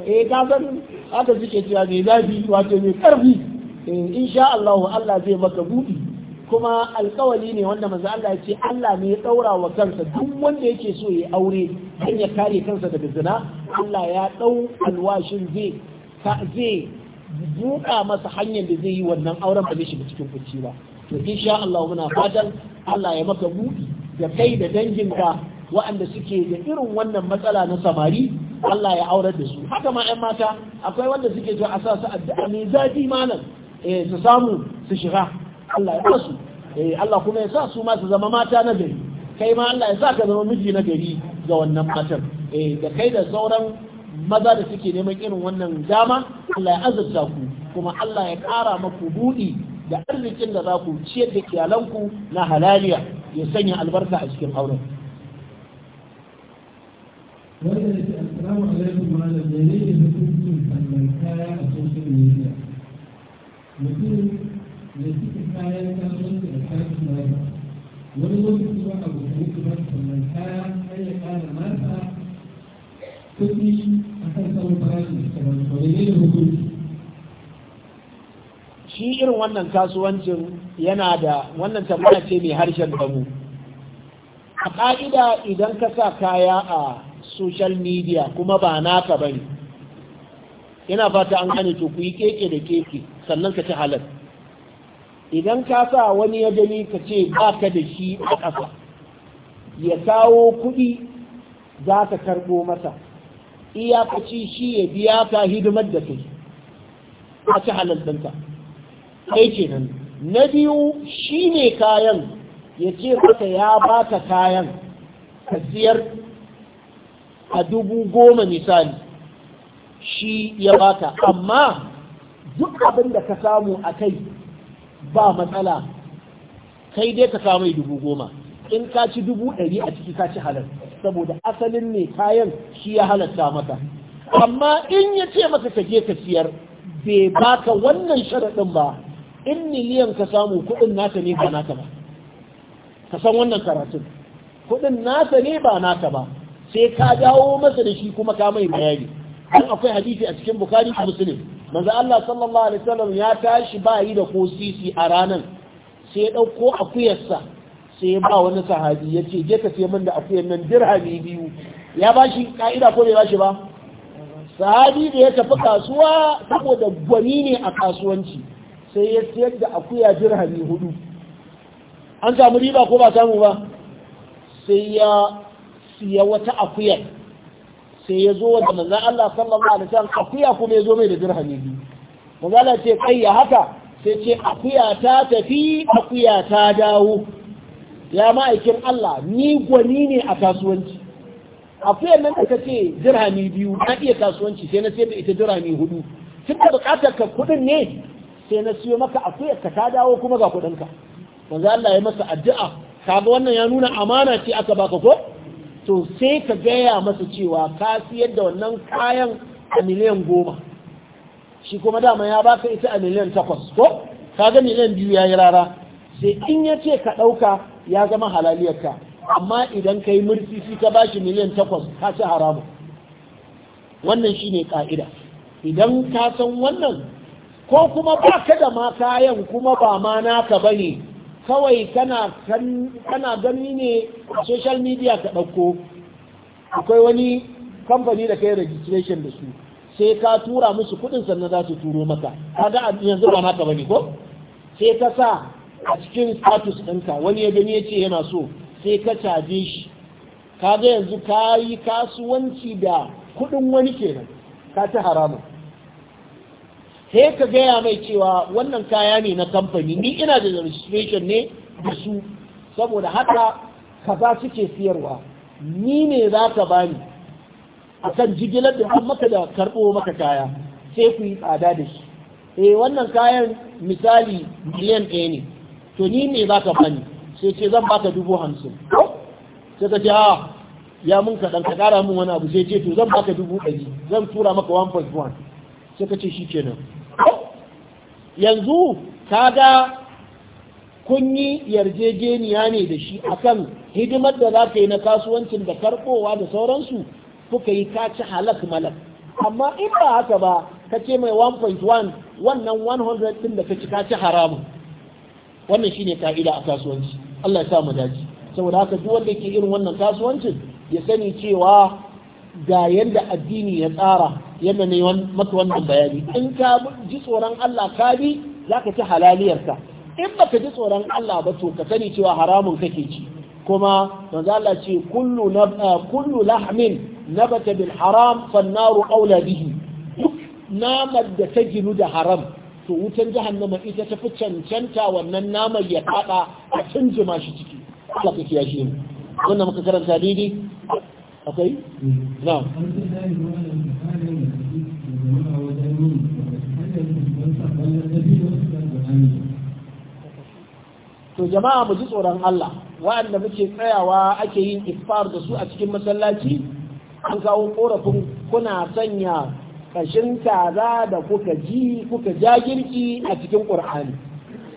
eh ka san haka suke cewa me zafi wato me karfi eh insha Allah Allah zai maka buɗi kuma alkawali ne wanda manzo Allah ya ce Allah ne ya daura wa kansa duk wanda yake so ya aure dan ya kare kansa daga zina Allah ya dau alwashin zai zai buka masa hanyar da zai yi wannan auren ba zai shiga cikin kuci ba to insha Allah muna fatan Allah ya maka buɗi da kai da danginka waɗanda suke da irin wannan matsala na samari Allah ya aurar da su haka ma 'yan mata akwai wanda suke zuwa a sa su addu'a mai zafi malam eh, su samu su shiga Allah ya basu eh Allah kuma ya sa su ma su zama mata na gari kai ma Allah ya sa ka zama miji na gari ga wannan matan. eh da kai da sauran maza da suke neman irin wannan dama Allah ya azurta ku kuma Allah ya ƙara maku buɗi da arzikin da za ku ciyar da iyalanku na halaliya ya sanya albarka a cikin auren. Wannan da assalamu alaikum malam ne ne da wannan kasuwancin yana da wannan tambaya ce mai harshen damu a ƙa'ida idan ka sa kaya a social media kuma ba naka ba ne ina fata an gane to ku yi keke da keke sannan ka ci halar idan ka sa wani ya gani ka ce ba ka da shi a ƙasa ya kawo kuɗi za ka karɓo masa iyakaci shi ya biya ka hidimar da kai a ci halar ɗinka kai nan, na biyu shi ne kayan ya ce maka ya ba ka kayan ka siyar a dubu goma misali shi ya ba ka. amma duk abin da ka samu a kai ba matsala kai dai ka samu dubu goma in ka ci dubu ɗari a ciki ka ci halar saboda asalin ne kayan shi ya halarta maka amma in ya ce maka ka je ka siyar bai baka wannan sharaɗin ba in miliyan ka samu kuɗin naka ne ba naka ba ka san wannan karatun kuɗin naka ne ba naka ba sai ka dawo masa da shi kuma ka mai bayani An akwai hadisi a cikin bukhari da muslim manzo Allah sallallahu alaihi wasallam ya tashi ba yi da ko sisi a ranan sai ya dauko akuyarsa sai ya ba wani sahabi ya ce je ka sai min da akuyar nan dirhami biyu ya bashi ka'ida ko bai bashi ba sahabi da ya tafi kasuwa saboda gwani ne a kasuwanci sai ya siyar da akuya dirhami hudu an samu riba ko ba samu ba sai ya siya wata akuya sai ya zo da manzan Allah sallallahu alaihi wasallam akuya kuma ya zo mai da dirhami biyu manzala ce kai ya haka sai ce akuya ta tafi akuya ta dawo ya ma'aikin Allah ni gwani ne a kasuwanci akuyar nan da kace dirhami biyu na iya kasuwanci sai na sai da ita dirhami hudu tun da bukatar ka kuɗin ne sai na siyo maka akuyar ka ta dawo kuma ga kuɗinka manzo Allah ya masa addu'a kaga wannan ya nuna amana ce aka baka ko to sai ka gaya masa cewa ka siyar da wannan kayan a miliyan goma shi kuma dama ya baka ita a miliyan takwas ko kaga miliyan biyu ya yi rara sai in ya ce ka ɗauka ya zama halaliyarka amma idan ka yi shi ka bashi miliyan takwas ka ci haramun wannan shine ka'ida idan ka san wannan ko kuma ba ka da ma kayan kuma ba ma naka ba ne kawai kana gani ne social media ka ɗauko akwai wani kamfani da kai registration da su sai ka tura musu kudin sannan za su turo maka kaga yanzu ba naka ba ne, ko sai ka sa a cikin status ɗinka wani ya gani ya ce yana so sai ka caje shi kaga yanzu ka yi kasuwanci da kudin wani kenan ka ci haramun sai ka gaya mai cewa wannan kaya ne na kamfani ni ina da registration ne da su saboda haka ka su suke siyarwa ni ne za ka bani a kan jigilar da an maka da karɓo maka kaya sai ku yi tsada da shi E, wannan kayan misali miliyan ɗaya ne to ni ne za ka bani sai ce zan baka dubu hamsin sai ka ce a ah, ya mun kaɗan ka ƙara min wani abu sai ce to zan baka dubu ɗari zan tura maka 1.1 sai ka ce shi kenan yanzu kaga kun yi yarjejeniya ne da shi akan hidimar da za ka yi na kasuwancin da karbowa da sauransu kuka yi ka ci halak malak amma in ba haka ba ka ce mai 1.1 wannan 100 din da ka ci ka ci haramun wannan shine ka'ida a kasuwanci Allah ya sa mu dace saboda haka duk wanda ke irin wannan kasuwancin ya sani cewa ga yadda addini ya tsara yadda ne maka wannan bayani in ka ji tsoron Allah ka bi za ka ci halaliyarka in baka ji tsoron Allah ba to ka sani cewa haramun kake ci kuma manzo ce kullu eh, kullu lahmin nabata bil haram fannaru aula bihi duk namar da ta ginu da haram to wutan jahannama ita ta fi cancanta wannan namar ya kada a tunjima shi ciki Allah ka ya shi wannan muka karanta daidai akwai? na to jama'a mu ji tsoron Allah wa'anda muke tsayawa ake yin ifar da su a cikin masallaci an kawo korafin kuna sanya kashin kaza da kuka ji kuka ja girki a cikin ƙur'ani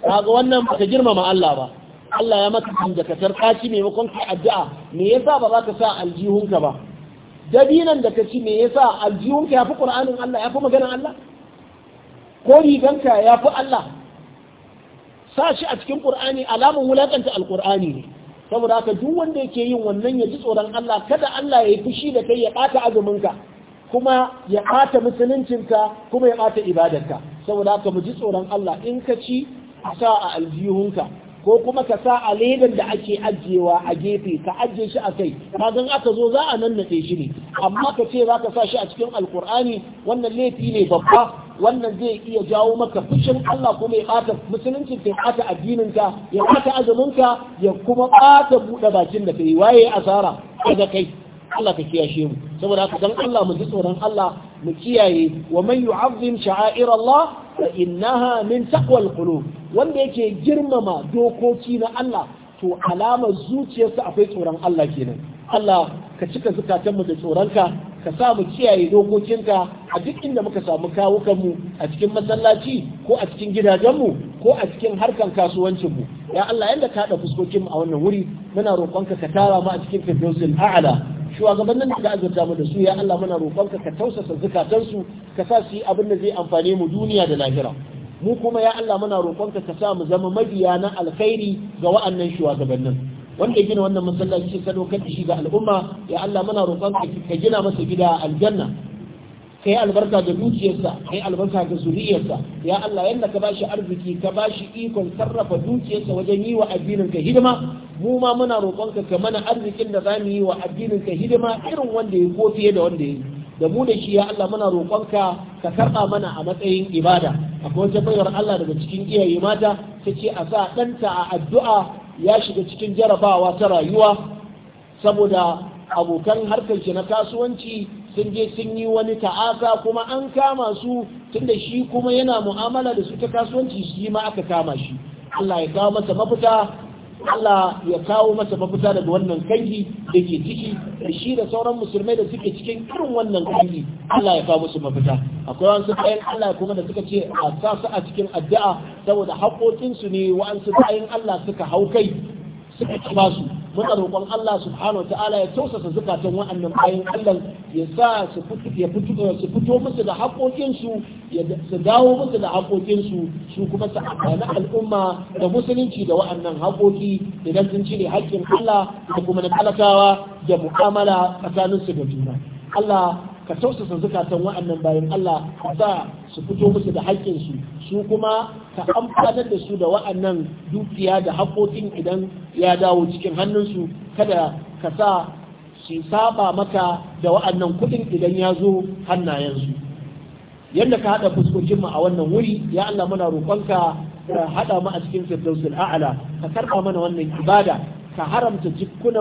kaga wannan ba ka girmama Allah ba Allah ya maka dakatar ka ci maimakon addu'a me yasa ba za ka sa aljihunka ba dabinan da ka ci me yasa aljihunka yafi qur'anin Allah yafi maganar Allah ko riganka yafi Allah sa shi a cikin qur'ani alamun wulakanta alqur'ani ne saboda haka duk wanda yake yin wannan ya ji tsoron Allah kada Allah ya yi fushi da kai ya ɓata azuminka kuma ya ɓata musuluncinka kuma ya ɓata ibadarka saboda haka mu ji tsoron Allah in ka ci a sa a aljihunka ko kuma ka sa a da ake ajiyewa a gefe ka ajiye shi a kai kagan aka zo za a nannaɗe shi ne amma ka ce za ka sa shi a cikin alkur'ani wannan laifi ne babba wannan zai iya jawo maka fushin Allah kuma ya ɓata musulunci ka ɓata addininka ya ɓata azuminka ya kuma ɓata buɗe bakin da ka yi waye asara daga kai Allah ka kiyashe mu saboda haka dan Allah mu ji tsoron Allah mu kiyaye wa man yu'azzim sha'air Allah fa innaha min taqwal qulub wanda yake girmama dokoki na Allah to alama zuciyarsa akwai tsoron Allah kenan Allah ka cika zukatanmu da tsoronka ka sa mu kiyaye dokokinka a duk inda muka samu kawukanmu mu a cikin masallaci ko a cikin gidajenmu ko a cikin harkan kasuwancinmu ya Allah yanda ka haɗa fuskokinmu a wannan wuri muna roƙonka ka tara mu a cikin firdausil a'ala shugabannin da ka azurta mu da su ya Allah muna roƙonka ka tausasa zukatansu ka sa su yi abin da zai amfane mu duniya da lahira mu kuma ya Allah muna roƙonka ka sa mu zama mabiya na alkhairi ga wa'annan shugabannin wanda gina wannan masallaci sai sadaukar da shi ga al'umma ya Allah muna roƙonka ka gina masa gida aljanna ka yi albarka da dukiyarsa ka yi albarka ga zuriyarsa ya Allah yadda ka bashi arziki ka bashi ikon sarrafa dukiyarsa wajen yi wa addinin ka hidima mu ma muna roƙonka ka mana arzikin da zamu yi wa addinin ka hidima irin wanda ya ko fiye da wanda ya da mu da shi ya Allah muna roƙonka ka karɓa mana a matsayin ibada akwai wata bayar Allah daga cikin iyaye mata ta ce a sa ɗanta a addu'a ya shiga cikin jarabawa ta rayuwa saboda abokan harkar shi na kasuwanci sun je sun yi wani ta'aka kuma an kama su tunda shi kuma yana mu'amala da su ta kasuwanci shi ma aka kama shi Allah ya kawo masa mafita Allah ya kawo masa mafuta daga wannan kangi da ke ciki da shi da sauran musulmai da suke cikin irin wannan kangi Allah ya kawo musu mafita akwai wasu bayan Allah kuma da suka ce a sa su a cikin addu'a saboda haƙoƙinsu ne wa'ansu bayan Allah suka hau kai suka kama su muna roƙon Allah subhanahu wa ta'ala ya tausasa zukatan wa'annan bayan Allah ya sa su fito musu da haƙoƙinsu ya su dawo musu da haƙoƙinsu su kuma su amfani al'umma da musulunci da wa'annan haƙoƙi idan sun cire haƙƙin Allah da kuma na talakawa da mu'amala tsakaninsu da juna Allah ka tausasa zukatan wa'annan bayan Allah za su fito musu da haƙƙinsu su kuma ka amfanar da su da wa'annan dukiya da haƙoƙin idan ya dawo cikin hannunsu kada ka sa su saba maka da wa'annan kuɗin idan ya zo hannayensu yadda ka haɗa fuskokinmu a wannan wuri ya Allah muna roƙonka ka haɗa mu a cikin firdausul a'ala ka karɓa mana wannan ibada ka haramta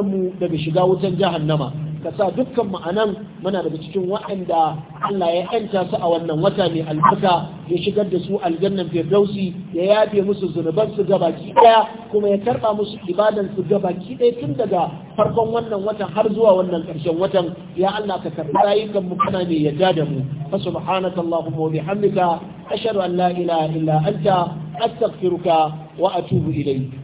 mu daga shiga wutan jahannama ka sa dukkan ma'anan muna daga cikin waɗanda Allah ya yanta su a wannan wata mai albarka ya shigar da su aljannan firdausi ya yafe musu zunuban su gabaki ɗaya kuma ya karɓa musu ibadan su gabaki ɗaya tun daga farkon wannan watan har zuwa wannan ƙarshen watan ya Allah ka karɓi rayukan mu kana mai yadda da mu fa subhanaka allahumma wa bihamdika ashhadu an la ilaha illa anta astaghfiruka wa atubu ilayk